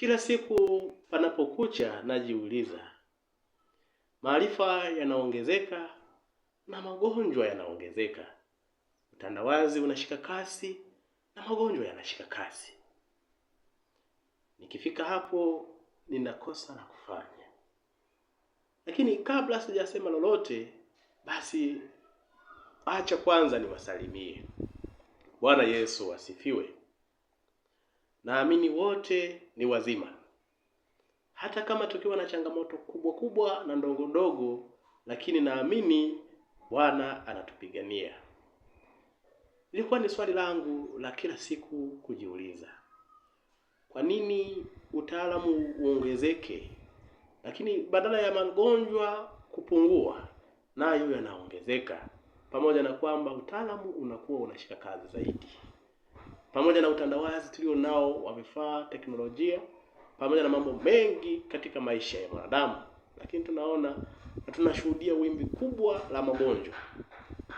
Kila siku panapokucha najiuliza, maarifa yanaongezeka na magonjwa yanaongezeka. Utandawazi unashika kasi na magonjwa yanashika kasi. Nikifika hapo ninakosa la kufanya. Lakini kabla sijasema lolote, basi acha kwanza niwasalimie. Bwana Yesu asifiwe. Naamini wote ni wazima, hata kama tukiwa na changamoto kubwa kubwa na ndogo ndogo, lakini naamini Bwana anatupigania. Ilikuwa ni swali langu la kila siku kujiuliza, kwa nini utaalamu uongezeke lakini badala ya magonjwa kupungua nayo yanaongezeka, pamoja na kwamba utaalamu unakuwa unashika kazi zaidi pamoja na utandawazi tulio nao wa vifaa, teknolojia pamoja na mambo mengi katika maisha ya mwanadamu, lakini tunaona na tunashuhudia wimbi kubwa la magonjwa.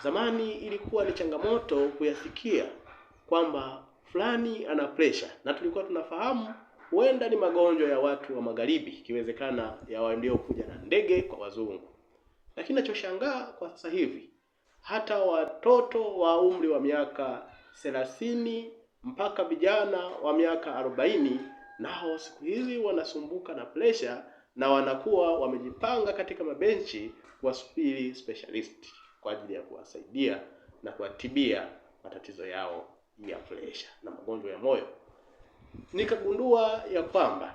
Zamani ilikuwa ni changamoto kuyasikia kwamba fulani ana presha, na tulikuwa tunafahamu huenda ni magonjwa ya watu wa magharibi, ikiwezekana ya waliokuja na ndege kwa wazungu. Lakini nachoshangaa kwa sasa hivi hata watoto wa umri wa miaka thelathini mpaka vijana wa miaka arobaini nao siku hizi wanasumbuka na presha na wanakuwa wamejipanga katika mabenchi wasubiri specialist kwa ajili ya kuwasaidia na kuwatibia matatizo yao ya presha na magonjwa ya moyo. Nikagundua ya kwamba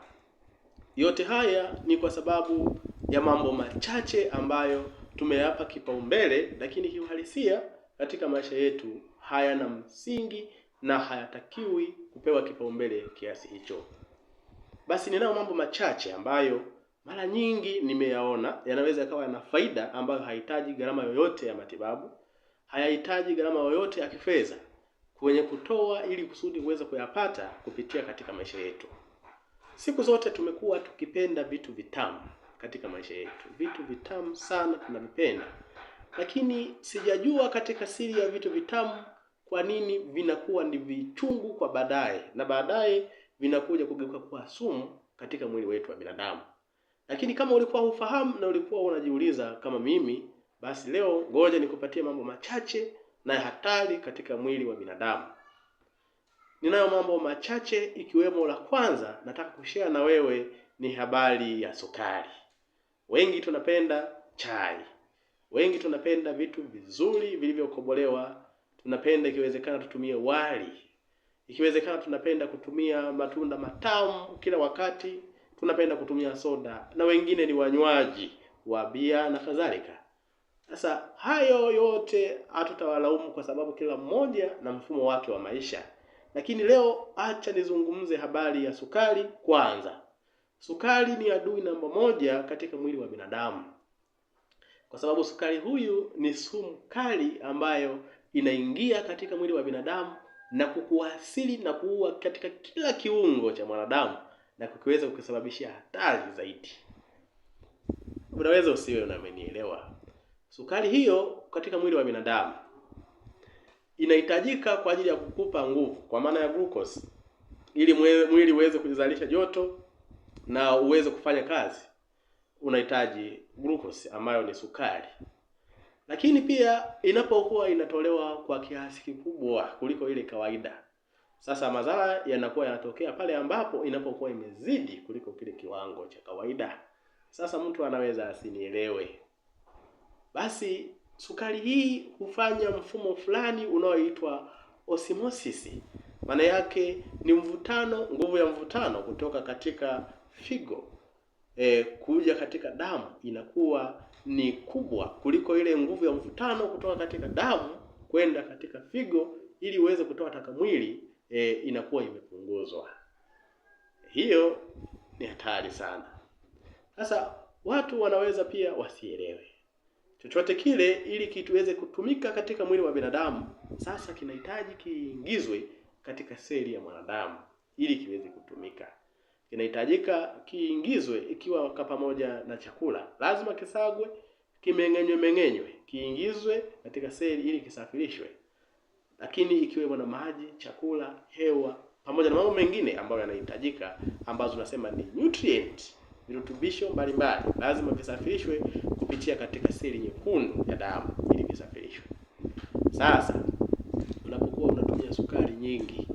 yote haya ni kwa sababu ya mambo machache ambayo tumeyapa kipaumbele, lakini kiuhalisia katika maisha yetu hayana msingi na hayatakiwi kupewa kipaumbele kiasi hicho. Basi ninayo mambo machache ambayo mara nyingi nimeyaona yanaweza yakawa yana faida ambayo hahitaji gharama yoyote ya matibabu, hayahitaji gharama yoyote ya kifedha kwenye kutoa ili kusudi uweze kuyapata kupitia katika maisha yetu. Siku zote tumekuwa tukipenda vitu vitamu katika maisha yetu, vitu vitamu sana tunavipenda, lakini sijajua katika siri ya vitu vitamu kwa nini vinakuwa ni vichungu kwa baadaye na baadaye vinakuja kugeuka kuwa sumu katika mwili wetu wa binadamu? Lakini kama ulikuwa hufahamu na ulikuwa unajiuliza kama mimi, basi leo ngoja nikupatie mambo machache na hatari katika mwili wa binadamu. Ninayo mambo machache ikiwemo la kwanza nataka kushare na wewe ni habari ya sukari. Wengi tunapenda chai. Wengi tunapenda vitu vizuri vilivyokobolewa tunapenda ikiwezekana tutumie wali, ikiwezekana tunapenda kutumia matunda matamu kila wakati, tunapenda kutumia soda, na wengine ni wanywaji wa bia na kadhalika. Sasa hayo yote hatutawalaumu kwa sababu kila mmoja na mfumo wake wa maisha. Lakini leo acha nizungumze habari ya sukari kwanza. Sukari ni adui namba moja katika mwili wa binadamu, kwa sababu sukari huyu ni sumu kali ambayo inaingia katika mwili wa binadamu na kukuasili na kuua katika kila kiungo cha mwanadamu na kukiweza kukisababishia hatari zaidi. Unaweza usiwe unamenielewa. Sukari hiyo katika mwili wa binadamu inahitajika kwa ajili ya kukupa nguvu, kwa maana ya glucose, ili mwili uweze kuzalisha joto na uweze kufanya kazi, unahitaji glucose ambayo ni sukari lakini pia inapokuwa inatolewa kwa kiasi kikubwa kuliko ile kawaida, sasa madhara yanakuwa yanatokea pale ambapo inapokuwa imezidi kuliko kile kiwango cha kawaida. Sasa mtu anaweza asinielewe. Basi sukari hii hufanya mfumo fulani unaoitwa osmosis. Maana yake ni mvutano, nguvu ya mvutano kutoka katika figo e, kuja katika damu inakuwa ni kubwa kuliko ile nguvu ya mvutano kutoka katika damu kwenda katika figo ili uweze kutoa taka mwili e, inakuwa imepunguzwa. Hiyo ni hatari sana. Sasa watu wanaweza pia wasielewe chochote kile, ili kituweze kutumika katika mwili wa binadamu, sasa kinahitaji kiingizwe katika seli ya mwanadamu ili kiweze kutumika kinahitajika kiingizwe ikiwa pamoja na chakula, lazima kisagwe, kimeng'enywe meng'enywe, kiingizwe katika seli ili kisafirishwe. Lakini ikiwemo na maji, chakula, hewa pamoja na mambo mengine ambayo yanahitajika, ambazo tunasema ni nutrient, virutubisho mbalimbali, lazima visafirishwe kupitia katika seli nyekundu ya damu ili visafirishwe. Sasa unapokuwa unatumia sukari nyingi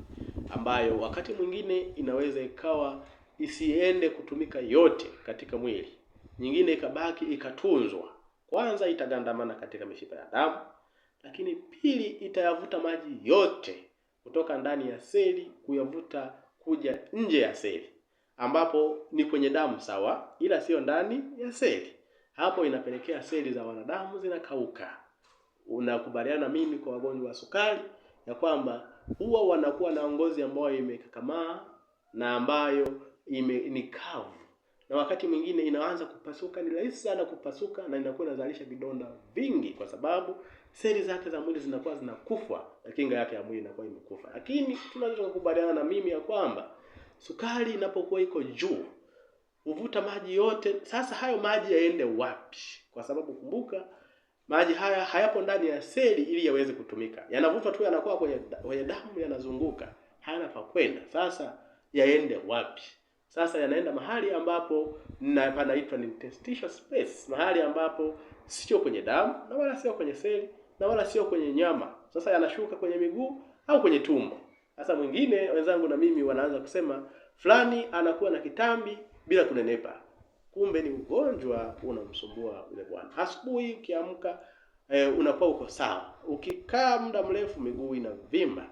ambayo wakati mwingine inaweza ikawa isiende kutumika yote katika mwili, nyingine ikabaki ikatunzwa, kwanza itagandamana katika mishipa ya damu, lakini pili itayavuta maji yote kutoka ndani ya seli kuyavuta kuja nje ya seli, ambapo ni kwenye damu sawa, ila siyo ndani ya seli. Hapo inapelekea seli za wanadamu zinakauka. Unakubaliana mimi kwa wagonjwa wa sukari ya kwamba huwa wanakuwa na ngozi ambayo imekakamaa na ambayo ime, ni kavu na wakati mwingine inaanza kupasuka, ni rahisi sana kupasuka na inakuwa inazalisha vidonda vingi, kwa sababu seli zake za mwili zinakuwa zinakufa na kinga yake ya mwili inakuwa imekufa. Lakini tunaweza kukubaliana na mimi ya kwamba sukari inapokuwa iko juu huvuta maji yote. Sasa hayo maji yaende wapi? Kwa sababu kumbuka, maji haya hayapo ndani ya seli ili yaweze kutumika, yanavutwa tu, yanakuwa kwenye, kwenye damu, yanazunguka, hayana pa kwenda. Sasa yaende wapi? sasa yanaenda mahali ambapo na panaitwa ni space, mahali ambapo sio kwenye damu na wala sio kwenye seli na wala sio kwenye nyama. Sasa yanashuka kwenye miguu au kwenye tumbo. Sasa mwingine wenzangu na mimi wanaanza kusema fulani anakuwa na kitambi bila kunenepa, kumbe ni ugonjwa unamsumbua yule bwana. Asubuhi ukiamka, eh, unakuwa uko sawa, ukikaa muda mrefu miguu inavimba.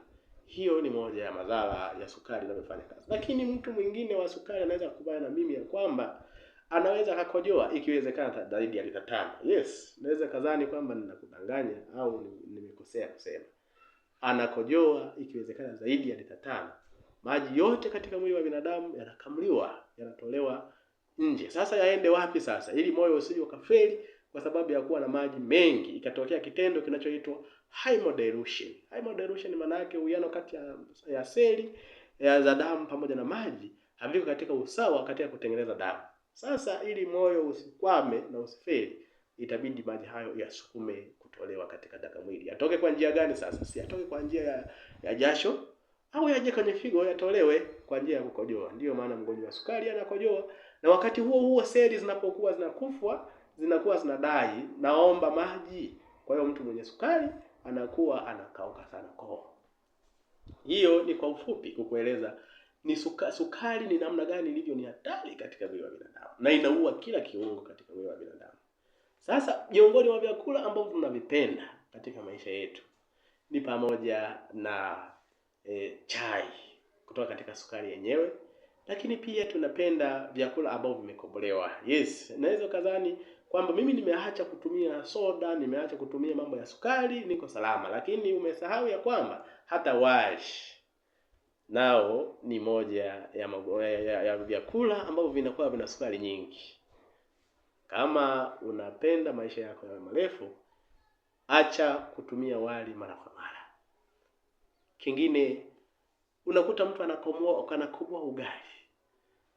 Hiyo ni moja ya madhara ya sukari inavyofanya kazi. Lakini mtu mwingine wa sukari anaweza kukubaliana na mimi ya kwamba anaweza akakojoa ikiwezekana zaidi ya lita tano. Yes, naweza kadhani kwamba ninakudanganya au nimekosea kusema. Anakojoa ikiwezekana zaidi ya lita tano. Maji yote katika mwili wa binadamu yanakamuliwa, yanatolewa nje. Sasa yaende wapi sasa? Ili moyo usije ukafeli kwa sababu ya kuwa na maji mengi, ikatokea kitendo kinachoitwa hemodilution. Hemodilution maana yake uwiano kati ya, ya seli ya za damu pamoja na maji haviko katika usawa katika kutengeneza damu. Sasa ili moyo usikwame na usifeli, itabidi maji hayo yasukume kutolewa katika daga mwili. Yatoke kwa njia gani sasa? Si yatoke kwa njia ya, ya jasho au yaje kwenye figo yatolewe kwa njia ya kukojoa. Ndiyo maana mgonjwa wa sukari anakojoa, na wakati huo huo seli zinapokuwa zinakufwa zinakuwa zinadai naomba maji. Kwa hiyo mtu mwenye sukari anakuwa anakauka sana koo. Hiyo ni kwa ufupi kukueleza ni suka, sukari ni namna gani ilivyo ni hatari katika mwili wa binadamu na inaua kila kiungo katika mwili wa binadamu. Sasa miongoni mwa vyakula ambavyo tunavipenda katika maisha yetu ni pamoja na e, chai kutoka katika sukari yenyewe, lakini pia tunapenda vyakula ambavyo vimekobolewa. Yes, naweza kadhani kwamba mimi nimeacha kutumia soda, nimeacha kutumia mambo ya sukari, niko salama. Lakini umesahau ya kwamba hata wash nao ni moja ya ya, ya, ya vyakula ambavyo vinakuwa vina sukari nyingi. Kama unapenda maisha yako yawe marefu, acha kutumia wali mara kwa mara. Kingine unakuta mtu anakoboa anakoboa ugali,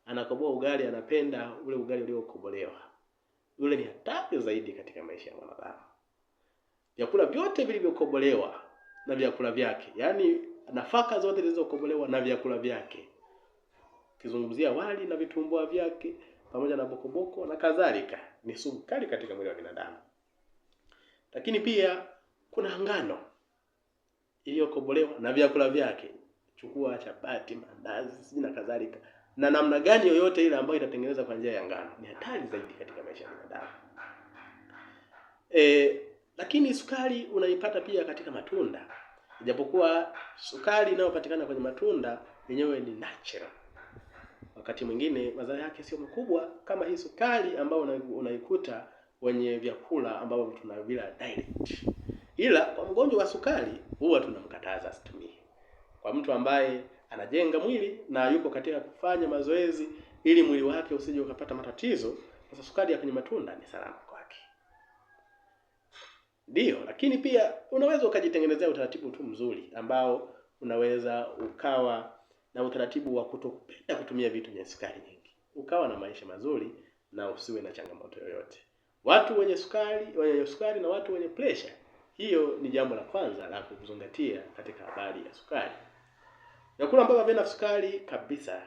anakoboa ugali, anapenda ule ugali uliokobolewa yule ni hatari zaidi katika maisha ya mwanadamu. Vyakula vyote vilivyokobolewa na vyakula vyake, yaani nafaka zote zilizokobolewa na vyakula vyake, kizungumzia wali na vitumbua vyake pamoja na bokoboko na kadhalika, ni sumu kali katika mwili wa binadamu. Lakini pia kuna ngano iliyokobolewa na vyakula vyake, chukua chapati, mandazi na kadhalika na namna gani yoyote ile ambayo itatengeneza kwa njia ya ngano ni hatari zaidi katika maisha ya binadamu. E, lakini sukari unaipata pia katika matunda, ijapokuwa sukari inayopatikana kwenye matunda yenyewe ni natural. Wakati mwingine madhara yake sio makubwa kama hii sukari ambayo unaikuta wenye vyakula ambavyo tunavila direct, ila kwa mgonjwa wa sukari huwa tunamkataza asitumie. Kwa mtu ambaye anajenga mwili na yuko katika kufanya mazoezi ili mwili wake usije ukapata matatizo. Sasa sukari ya kwenye matunda ni salama kwake, ndiyo, lakini pia unaweza ukajitengenezea utaratibu tu mzuri ambao unaweza ukawa na utaratibu wa kutokupenda kutumia vitu vyenye sukari nyingi, ukawa na maisha mazuri na usiwe na changamoto yoyote. Watu wenye sukari wenye sukari na watu wenye pressure, hiyo ni jambo la kwanza la kuzingatia katika habari ya sukari. Vyakula ambavyo havina sukari kabisa